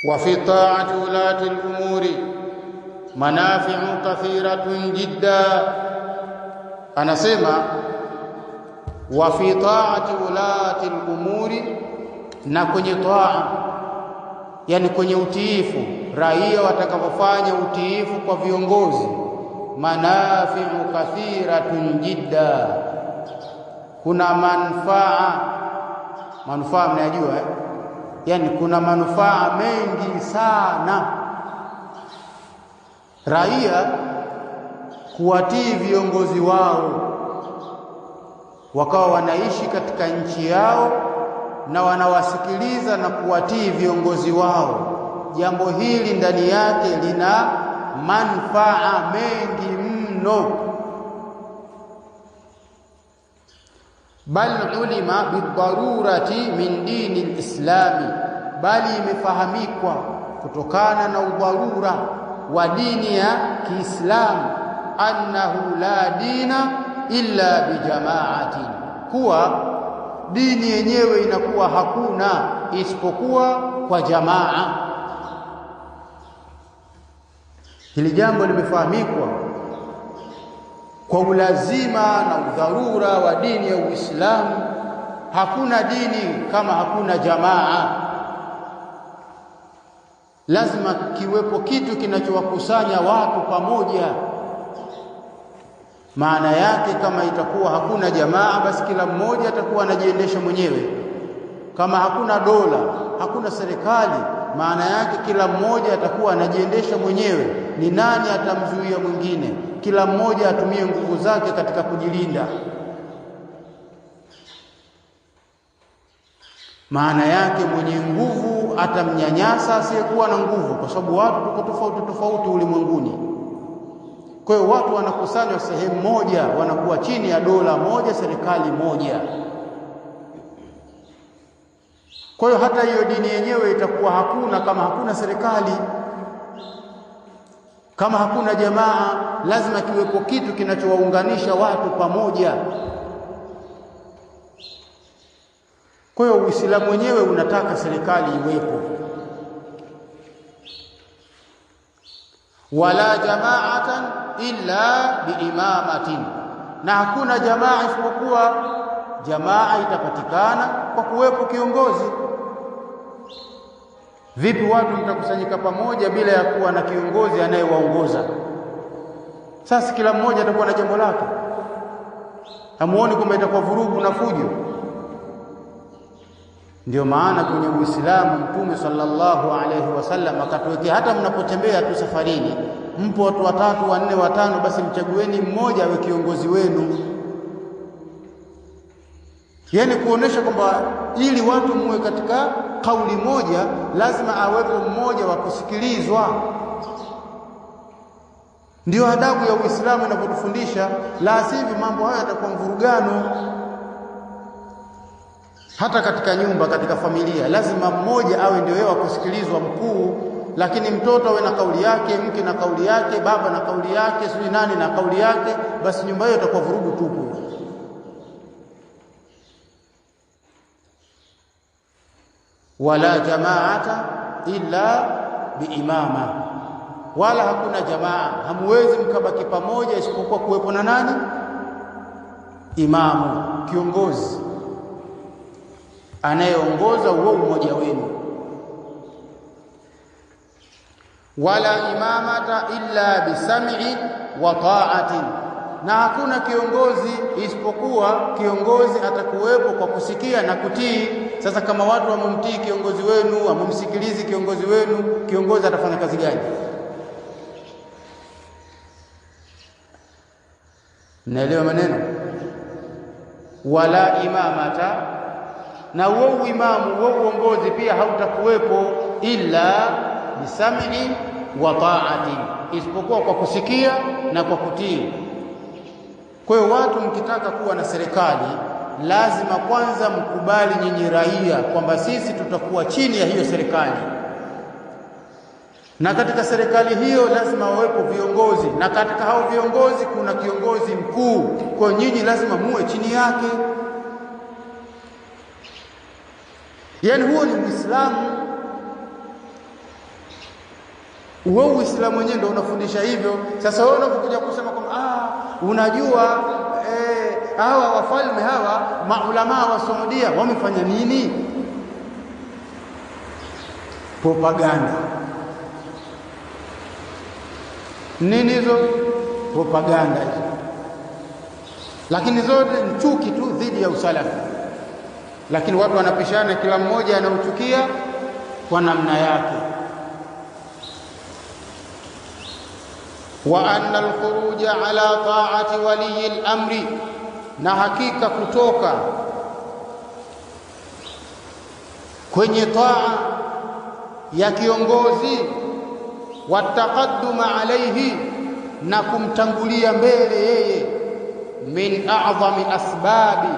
ta'ati ulati al-umuri manafi'u kathiratun jidda, anasema wa fi taati ulati lumuri, na kwenye taa, yani kwenye utiifu, raia watakavyofanya utiifu kwa viongozi, manafiu kathiratun jidda, kuna manfaa. Manufaa mnayajua eh? yani kuna manufaa mengi sana raia kuwatii viongozi wao, wakawa wanaishi katika nchi yao na wanawasikiliza na kuwatii viongozi wao. Jambo hili ndani yake lina manufaa mengi mno. bal ulima bidharurati min dini lislami, bali imefahamikwa kutokana na udharura wa dini ya Kiislamu, annahu la dina illa bijamaati kuwa dini yenyewe inakuwa hakuna isipokuwa kwa jamaa. Hili jambo limefahamikwa kwa ulazima na udharura wa dini ya Uislamu. Hakuna dini kama hakuna jamaa, lazima kiwepo kitu kinachowakusanya watu pamoja. Maana yake kama itakuwa hakuna jamaa, basi kila mmoja atakuwa anajiendesha mwenyewe. Kama hakuna dola, hakuna serikali, maana yake kila mmoja atakuwa anajiendesha mwenyewe. Ni nani atamzuia mwingine? Kila mmoja atumie nguvu zake katika kujilinda. Maana yake mwenye nguvu atamnyanyasa asiyekuwa na nguvu, kwa sababu watu tuko tofauti tofauti ulimwenguni. Kwa hiyo watu wanakusanywa sehemu moja, wanakuwa chini ya dola moja, serikali moja. Kwa hiyo hata hiyo dini yenyewe itakuwa hakuna kama hakuna serikali, kama hakuna jamaa. Lazima kiwepo kitu kinachowaunganisha watu pamoja. Kwa hiyo Uislamu wenyewe unataka serikali iwepo, wala jamaatan illa biimamatin, na hakuna jamaa isipokuwa jamaa itapatikana kwa kuwepo kiongozi Vipi watu mtakusanyika pamoja bila ya kuwa na kiongozi anayewaongoza? Sasa kila mmoja atakuwa na jambo lake, hamuoni kwamba itakuwa vurugu na fujo? Ndio maana kwenye Uislamu Mtume sallallahu alayhi wasallam akatuwekea, hata mnapotembea tu safarini, mpo watu watatu wanne watano, basi mchagueni mmoja awe kiongozi wenu yaani kuonesha kwamba ili watu muwe katika kauli moja, lazima awepo mmoja wa kusikilizwa. Ndiyo adabu ya Uislamu inavyotufundisha, la sivyo mambo haya yatakuwa mvurugano. Hata katika nyumba, katika familia, lazima mmoja awe ndio yeye wa kusikilizwa, mkuu. Lakini mtoto awe na kauli yake, mke na kauli yake, baba na kauli yake, sijui nani na kauli yake, basi nyumba hiyo itakuwa vurugu tupu. wala jamaata illa biimama, wala hakuna jamaa, hamwezi mkabaki pamoja isipokuwa kuwepo na nani? Imamu, kiongozi anayeongoza huo umoja wenu. Wala imamata illa bisam'i wa ta'atin, na hakuna kiongozi isipokuwa kiongozi atakuwepo kwa kusikia na kutii. Sasa kama watu wamemtii kiongozi wenu, wamemsikilizi kiongozi wenu, kiongozi atafanya kazi gani? Naelewa maneno wala imamata, na huo uimamu huo uongozi pia hautakuwepo illa bisam'i wa taati, isipokuwa kwa kusikia na kwa kutii. Kwa hiyo watu mkitaka kuwa na serikali lazima kwanza mkubali nyinyi raia kwamba sisi tutakuwa chini ya hiyo serikali, na katika serikali hiyo lazima wawepo viongozi, na katika hao viongozi kuna kiongozi mkuu. Kwa nyinyi lazima muwe chini yake. Yaani huo ni Uislamu. Wewe Uislamu wenyewe ndio unafundisha hivyo. Sasa wewe unapokuja kusema kwamba ah, unajua hawa wafalme hawa maulamaa wa Saudia wamefanya nini? Propaganda. Nini hizo? Propaganda hizo, lakini zote ni chuki tu dhidi ya usalafi, lakini watu wanapishana, kila mmoja anauchukia kwa namna yake. wa anna alkhuruja ala ta'ati waliyil amri na hakika kutoka kwenye taa ya kiongozi wa taqadduma alaihi na kumtangulia mbele yeye min a'dhami asbabi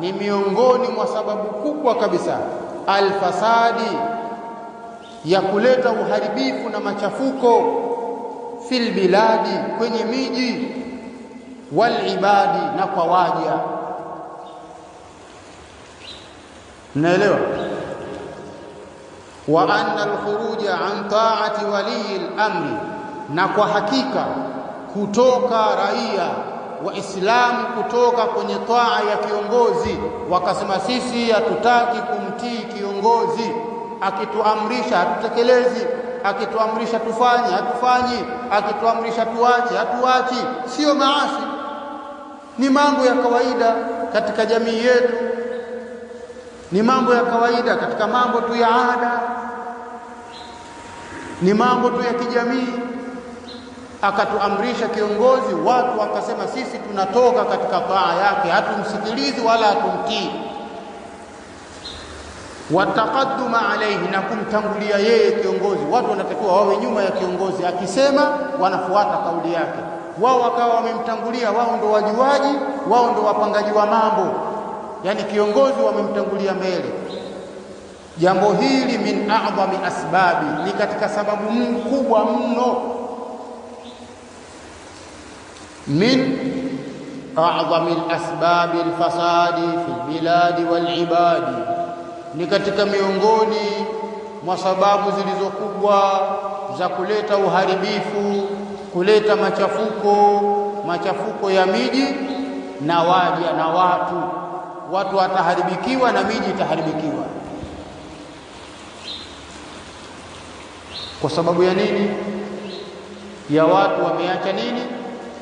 ni miongoni mwa sababu kubwa kabisa alfasadi ya kuleta uharibifu na machafuko fil biladi kwenye miji walibadi na kwa waja. Mnaelewa? wa anna alkhuruja an ta'ati waliyi al na kwa hakika kutoka raia Waislamu kutoka kwenye taa ya kiongozi, wakasema sisi hatutaki kumtii kiongozi. Akituamrisha hatutekelezi, akituamrisha tufanye hatufanyi, akituamrisha tuache hatuachi, sio maasi ni mambo ya kawaida katika jamii yetu, ni mambo ya kawaida katika mambo tu ya ada, ni mambo tu ya kijamii. Akatuamrisha kiongozi, watu wakasema sisi tunatoka katika paa yake, hatumsikilizi wala hatumtii. Wataqadduma alaihi, na kumtangulia yeye kiongozi. Watu wanatakiwa wawe nyuma ya kiongozi, akisema wanafuata kauli yake wao wakawa wamemtangulia, wao ndo wajuaji, wao ndo wapangaji wa mambo, yaani kiongozi wamemtangulia mbele. Jambo hili min adhami asbabi, ni katika sababu kubwa mno, min adhami lasbabi lfasadi fi lbiladi walibadi, ni katika miongoni mwa sababu zilizokubwa za kuleta uharibifu kuleta machafuko machafuko ya miji na waja na watu watu wataharibikiwa na miji itaharibikiwa. Kwa sababu ya nini? Ya watu wameacha nini?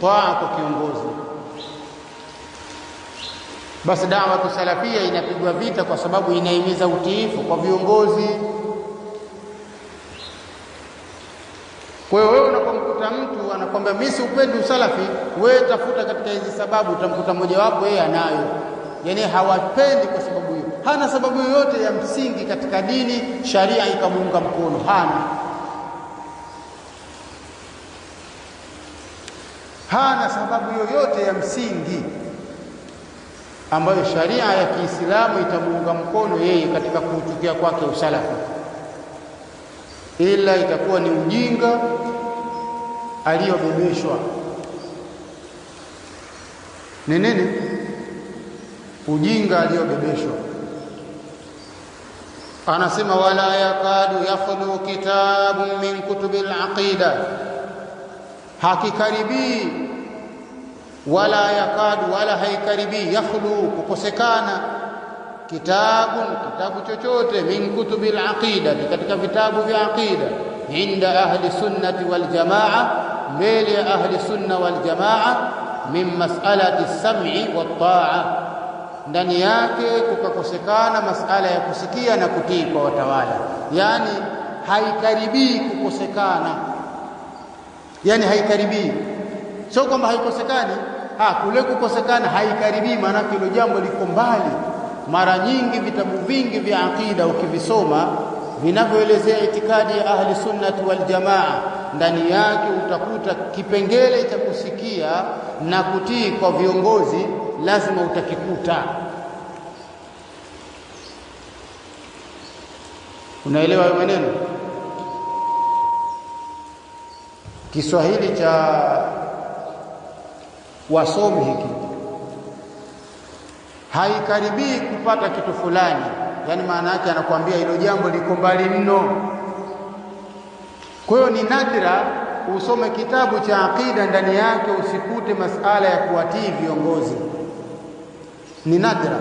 Twaa kwa kiongozi. Basi dawatu salafia inapigwa vita kwa sababu inahimiza utiifu kwa viongozi. Kwa hiyo utamkuta mtu anakwambia mimi siupendi usalafi, wewe tafuta katika hizi sababu, utamkuta mojawapo yeye anayo. Yani hawapendi kwa sababu hiyo, hana sababu yoyote ya msingi katika dini, sharia ikamuunga mkono, hana hana sababu yoyote ya msingi ambayo sharia ya Kiislamu itamuunga mkono yeye katika kuuchukia kwake usalafi, ila itakuwa ni ujinga aliyobebeshwa ni nini? Ujinga aliyobebeshwa. Anasema wala yakadu yakhlu kitabu min kutubi alaqida, hakikaribii wala yakadu, wala haikaribii yakhlu, kukosekana kitabu kitabu chochote min kutubi alaqida, katika vitabu vya aqida, inda ahli sunnati wal jamaa mbele ya ahli sunna wal jamaa min masalati sam'i wa taa, ndani yake kukakosekana masala ya kusikia na kutii kwa watawala, yani haikaribii kukosekana, yani haikaribii, sio kwamba haikosekani ha, kule kukosekana haikaribii, maanake hilo jambo liko mbali. Mara nyingi vitabu vingi vya aqida ukivisoma vinavyoelezea itikadi ya ahli sunnati wal jamaa ndani yake utakuta kipengele cha kusikia na kutii kwa viongozi lazima utakikuta. Unaelewa hayo maneno? Kiswahili cha wasomi hiki haikaribii kupata kitu fulani, yaani maana yake anakuambia hilo jambo liko mbali mno kwa hiyo ni nadra usome kitabu cha aqida ndani yake usikute masala ya kuwatii viongozi, ni nadra.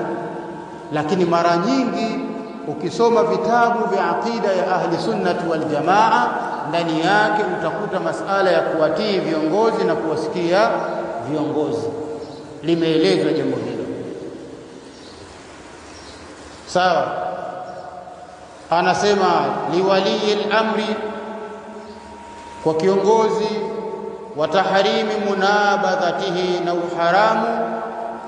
Lakini mara nyingi ukisoma vitabu vya aqida ya ahli sunnati wal jamaa, ndani yake utakuta masala ya kuwatii viongozi na kuwasikia viongozi, limeelezwa jambo hilo. Sawa, anasema liwaliyi lamri kwa kiongozi wa taharimi munabadhatihi, na uharamu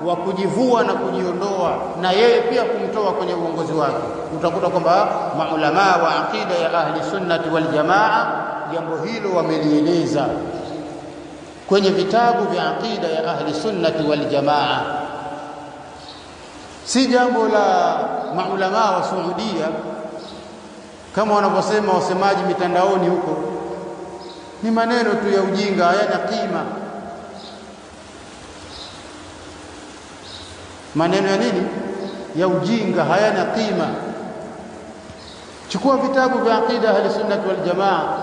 wa kujivua na kujiondoa na yeye pia kumtoa kwenye uongozi wake. Utakuta kwamba maulamaa wa aqida ya ahli sunnati wal jamaa jambo hilo wamelieleza kwenye vitabu vya aqida ya ahli sunnati wal jamaa, si jambo la maulamaa wa Saudia kama wanavyosema wasemaji mitandaoni huko ni maneno tu ya ujinga, hayana kima. Maneno ya nini? Ya ujinga, hayana kima. Chukua vitabu vya aqida ahli sunnati wal jamaa,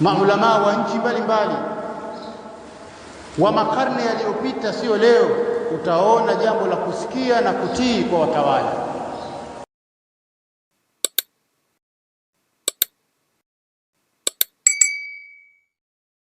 maulamaa wa nchi mbalimbali wa makarne yaliyopita, sio leo, utaona jambo la kusikia na kutii kwa watawala.